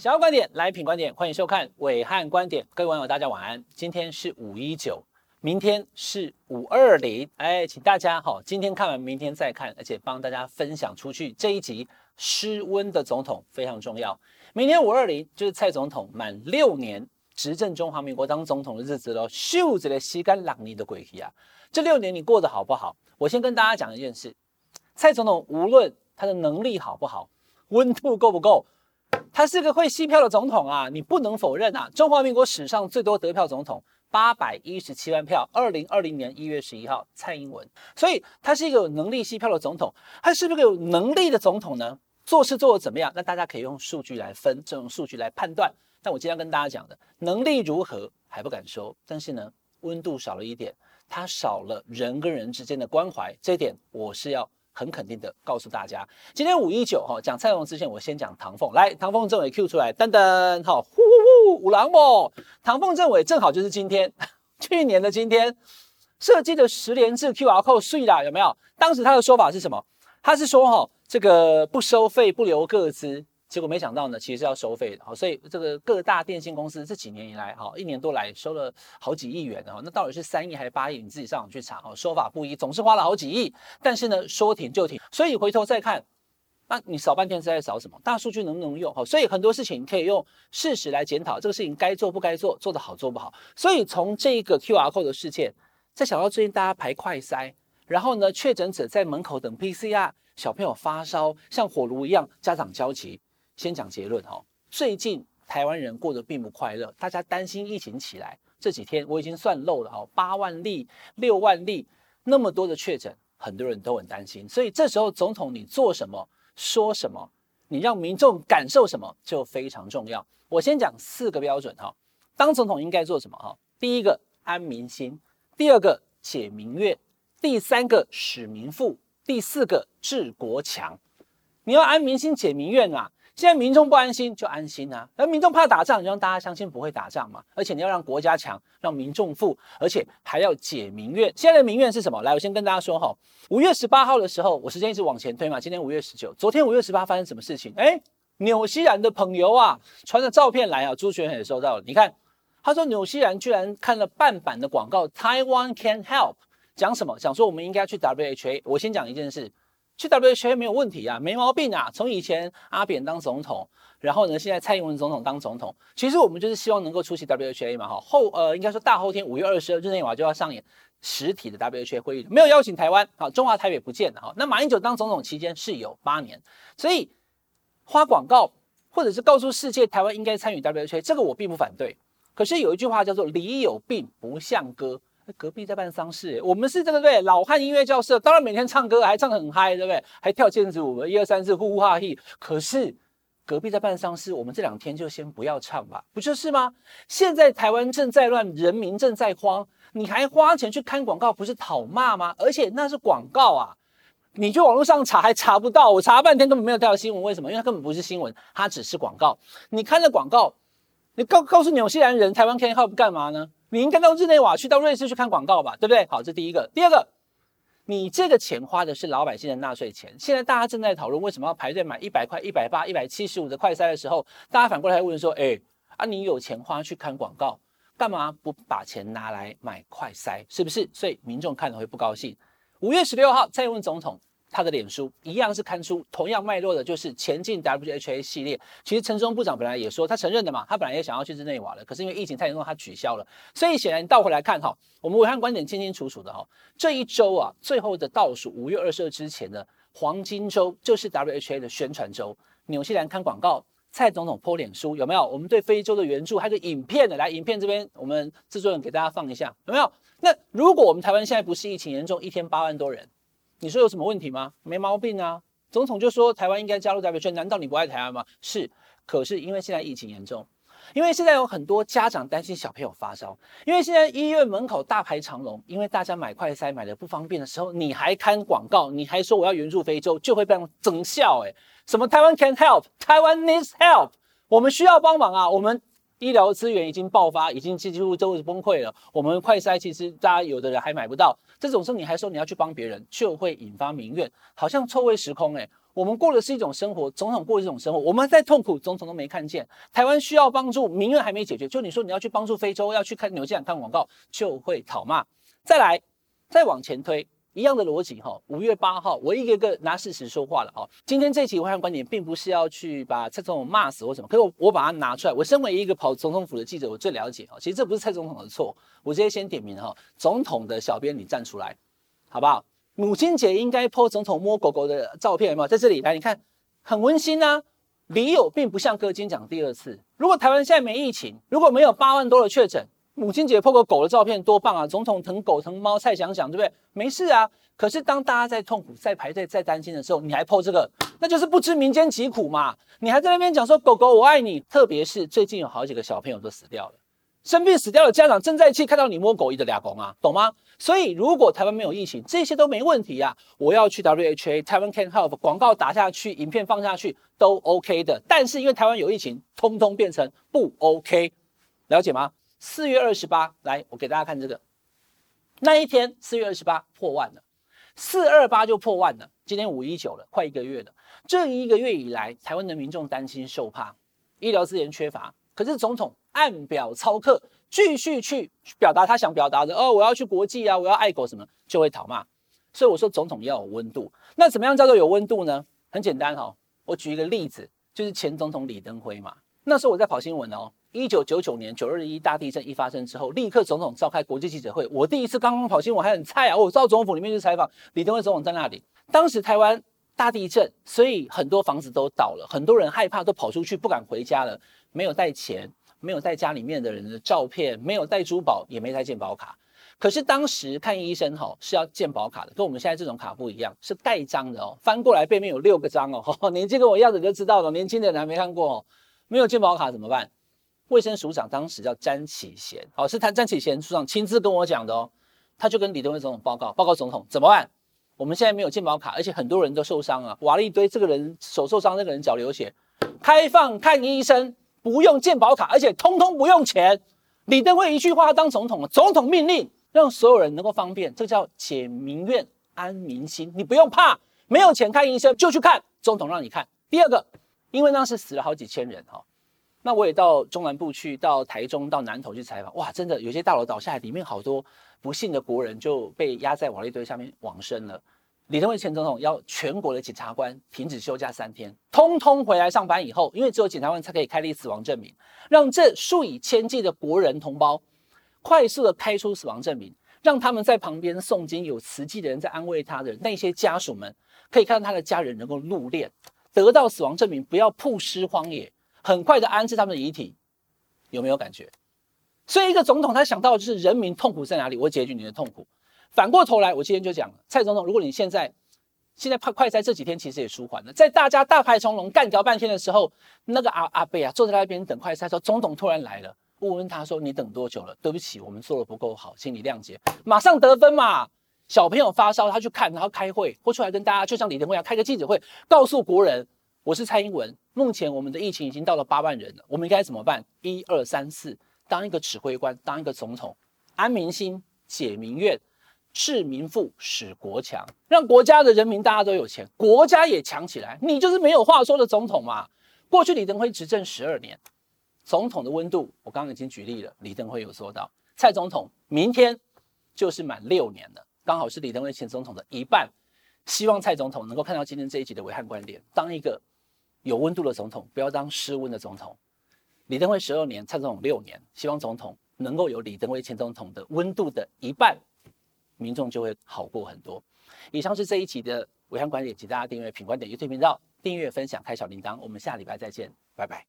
小觀點來品觀點，歡迎收看暐瀚觀點，各位網友大家晚安。今天是五一九，明天是五二零，哎，請大家好，今天看完明天再看，而且幫大家分享出去。這一集失溫的總統非常重要。明天五二零就是蔡總統滿六年執政中華民國當總統的日子嘍，袖子的吸干朗尼的鬼皮啊！這六年你過得好不好？我先跟大家講一件事，蔡總統無論他的能力好不好，溫度夠不夠？他是一個會吸票的總統啊，你不能否認啊。中華民國史上最多得票總統，八百一十七萬票，二零二零年一月十一號，蔡英文。所以他是一個有能力吸票的總統，他是不是個有能力的總統呢？做事做得怎麼樣？那大家可以用數據來分，這種數據來判斷。但我經常跟大家講的，能力如何還不敢說，但是呢，溫度少了一點，他少了人跟人之間的關懷，這一點我是要。很肯定的告訴大家，今天五一九哈講蔡英文之前，我先講唐鳳。來，唐鳳政委 Q 出來，噔噔哈，呼呼呼，五郎哦，唐鳳政委正好就是今天，去年的今天，設計的實聯制 QR code 碎了，有沒有？當時他的說法是什麼？他是說哈，這個不收費，不留個資。結果沒想到呢，其實是要收費的。好，所以這個各大電信公司這幾年以來，好，一年多來收了好幾億元的。哈，那到底是三億還是八億？你自己上網去查，好，說法不一，總是花了好幾億。但是呢，說停就停。所以回頭再看，那你掃半天是在掃什麼？大數據能不能用？好，所以很多事情你可以用事實來檢討這個事情該做不該做，做得好做不好。所以從這個 QR code 的事件，再想到最近大家排快塞，然後呢確診者在門口等 PCR，小朋友發燒像火爐一樣，家長焦急。先講結論哈，最近台灣人過得並不快樂，大家擔心疫情起來。這幾天我已經算漏了哈，八萬例、六萬例那麼多的確診，很多人都很擔心。所以這時候總統你做什麼、說什麼，你讓民眾感受什麼就非常重要。我先講四個標準哈，當總統應該做什麼哈？第一個安民心，第二個解民怨，第三個使民富，第四個治國強。你要安民心、解民怨啊。現在民眾不安心就安心啊！而民眾怕打仗，你讓大家相信不會打仗嘛。而且你要讓國家強，讓民眾富，而且還要解民怨。現在的民怨是什麼？來，我先跟大家說哈。五月十八號的時候，我時間一直往前推嘛。今天五月十九，昨天五月十八發生什麼事情？誒，紐西蘭的朋友啊，傳了照片來啊，朱學恆也收到了。你看，他說紐西蘭居然看了半版的廣告，Taiwan can help，講什麼？講說我們應該去 WHA。我先講一件事。去 W H A 沒有問題啊，沒毛病啊。從以前阿扁當總統，然後呢，現在蔡英文總統當總統，其實我們就是希望能夠出席 W H A 嘛。哈後呃，應該說大後天五月二十二日日內瓦就要上演實體的 W H A 會議，沒有邀請台灣，好，中華台北不見了哈。那馬英九當總統期間是有八年，所以發廣告或者是告訴世界台灣應該參與 W H A，這個我並不反對。可是有一句話叫做“禮有病，不像歌。隔壁在辦喪事、欸，我們是這個對不對？老漢音樂教室當然每天唱歌，還唱得很嗨，對不對？還跳毽子舞，一二三四呼呼哈嘿。可是隔壁在辦喪事，我們這兩天就先不要唱吧，不就是嗎？現在台灣正在亂，人民正在慌，你還花錢去看廣告，不是討罵嗎？而且那是廣告啊，你去網絡上查還查不到，我查了半天根本沒有這條新聞，為什麼？因為它根本不是新聞，它只是廣告。你看了廣告，你告告訴紐西蘭人台灣 Can Help 幹嘛呢？你應該到日內瓦去，到瑞士去看廣告吧，對不對？好，這第一個。第二個，你這個錢花的是老百姓的納稅錢。現在大家正在討論為什麼要排隊買一百塊、一百八、一百七十五的快篩的時候，大家反過來還問說：“誒、哎、啊，你有錢花去看廣告，幹嘛不把錢拿來買快篩是不是？”所以民眾看了會不高興。五月十六號再問總統。他的臉書一樣是刊出，同樣脈絡的就是前進 WHA 系列。其實陳時中部長本來也說他承認的嘛，他本來也想要去日內瓦的，可是因為疫情太嚴重，他取消了。所以顯然倒回來看哈，我們暐瀚觀點清清楚楚的哈。這一周啊，最後的倒數五月二十二之前的黃金周就是 WHA 的宣傳周。紐西蘭看廣告，蔡總統 po 臉書有沒有？我們對非洲的援助還有個影片的，來影片這邊我們製作人給大家放一下，有沒有？那如果我們台灣現在不是疫情嚴重，一天八萬多人。你說有什麼問題嗎？沒毛病啊！總統就說台灣應該加入 WTO。難道你不愛台灣嗎？是，可是因為現在疫情嚴重，因為現在有很多家長擔心小朋友發燒，因為現在醫院門口大排長龍，因為大家買快篩買得不方便的時候，你還看廣告，你還說我要援助非洲，就會被他們整笑誒。什麼台灣 can help，台灣 needs help，我們需要幫忙啊！我們醫療資源已經爆發，已經幾乎都崩潰了。我們快篩其實大家有的人還買不到。這種事你還說你要去幫別人，就會引發民怨，好像錯位時空哎、欸。我們過的是一種生活，總統過的是一種生活，我們在痛苦，總統都沒看見。台灣需要幫助，民怨還沒解決，就你說你要去幫助非洲，要去看牛仔看廣告，就會討罵。再來，再往前推。一樣的邏輯哈，五月八號我一個一個拿事實說話了啊。今天這期《暐瀚觀點》並不是要去把蔡總統罵死或什麼，可是我，我把它拿出來。我身為一個跑總統府的記者，我最了解啊。其實這不是蔡總統的錯，我直接先點名哈，總統的小編你站出來，好不好？母親節應該 PO 總統摸狗狗的照片有沒有？在這裡來你看，很溫馨啊。理由並不像歌金天講第二次。如果台灣現在沒疫情，如果沒有八萬多的確診。母親節 PO 個狗的照片多棒啊！總統疼狗疼貓，蔡想想，對不對？沒事啊。可是當大家在痛苦、在排隊、在擔心的時候，你還 PO 這個，那就是不知民間疾苦嘛。你還在那邊講說，狗狗我愛你，特別是最近有好幾個小朋友都死掉了，生病死掉了，家長正在去看到你摸狗，一的倆狗啊，懂嗎？所以如果台灣沒有疫情，這些都沒問題啊。我要去 W H A Taiwan can help 廣告打下去，影片放下去都 OK 的。但是因為台灣有疫情，通通變成不 OK，了解嗎？四月二十八，來，我給大家看這個。那一天，四月二十八破萬了，四二八就破萬了。今天五一九了，快一個月了。這一個月以來，台灣的民眾擔心受怕，醫療資源缺乏。可是總統按表操課，繼續去表達他想表達的。哦，我要去國際啊，我要愛狗什麼，就會討罵。所以我說，總統要有溫度。那怎麼樣叫做有溫度呢？很簡單哈、哦，我舉一個例子，就是前總統李登輝嘛。那時候我在跑新聞哦。一九九九年九二一大地震一發生之後，立刻總統召開國際記者會。我第一次剛剛跑新聞還很菜啊，我到總統府裡面去採訪，李登輝總統在那裡。當時台灣大地震，所以很多房子都倒了，很多人害怕都跑出去，不敢回家了。沒有帶錢，沒有帶家裡面的人的照片，沒有帶珠寶，也沒帶健保卡。可是當時看醫生吼，是要健保卡的，跟我們現在這種卡不一樣，是蓋章的哦。翻過來背面有六個章哦。哦，年紀跟我一樣的就知道了，年輕的人還沒看過哦。沒有健保卡怎麼辦？衛生署長當時叫詹啟賢，好、哦，是他詹啟賢署長親自跟我講的哦。他就跟李登輝總統報告，報告總統怎麼辦？我們現在沒有健保卡，而且很多人都受傷了，挖了一堆，這個人手受傷，那個人腳流血，開放看醫生，不用健保卡，而且通通不用錢。李登輝一句話當總統了，總統命令讓所有人能夠方便，這叫解民怨、安民心。你不用怕，沒有錢看醫生就去看，總統讓你看。第二個，因為當時死了好幾千人哈、哦。那我也到中南部去，到台中、到南投去採訪。哇，真的，有些大樓倒下來，裡面好多不幸的國人就被壓在瓦礫堆下面往生了。李登輝前總統要全國的檢察官停止休假三天，通通回來上班以後，因為只有檢察官才可以開立死亡證明，讓這數以千計的國人同胞快速的開出死亡證明，讓他們在旁邊誦經，有慈濟的人在安慰他的那些家屬們，可以看到他的家人能夠入殮，得到死亡證明，不要曝屍荒野。很快的安置他們的遺體，有沒有感覺？所以一個總統，他想到的就是人民痛苦在哪裡，我解決你的痛苦。反過頭來，我今天就講蔡總統，如果你現在現在快快篩，這幾天其實也舒緩了，在大家大排長龍乾掉半天的時候，那個阿阿伯啊坐在那邊等快篩的時候，總統突然來了，慰問，問他說，你等多久了？對不起，我們做得不夠好，請你諒解。馬上得分嘛！小朋友發燒，他去看，然後開會，或出來跟大家，就像李登輝要開個記者會，告訴國人。我是蔡英文。目前我們的疫情已經到了八萬人了，我們應該怎麼辦？一二三四，當一個指揮官，當一個總統，安民心、解民怨、治民富、使國強，讓國家的人民大家都有錢，國家也強起來。你就是沒有話說的總統嘛。過去李登輝執政十二年，總統的溫度我剛剛已經舉例了，李登輝有說到，蔡總統明天就是滿六年了，剛好是李登輝前總統的一半。希望蔡總統能夠看到今天這一集的暐瀚觀點，當一個。有溫度的總統，不要當失溫的總統。李登輝十二年，蔡總統六年，希望總統能夠有李登輝前總統的溫度的一半，民眾就會好過很多。以上是這一集的暐瀚觀點，也請大家訂閱品觀點 YouTube 頻道，訂閱、分享、開小鈴鐺。我們下禮拜再見，拜拜。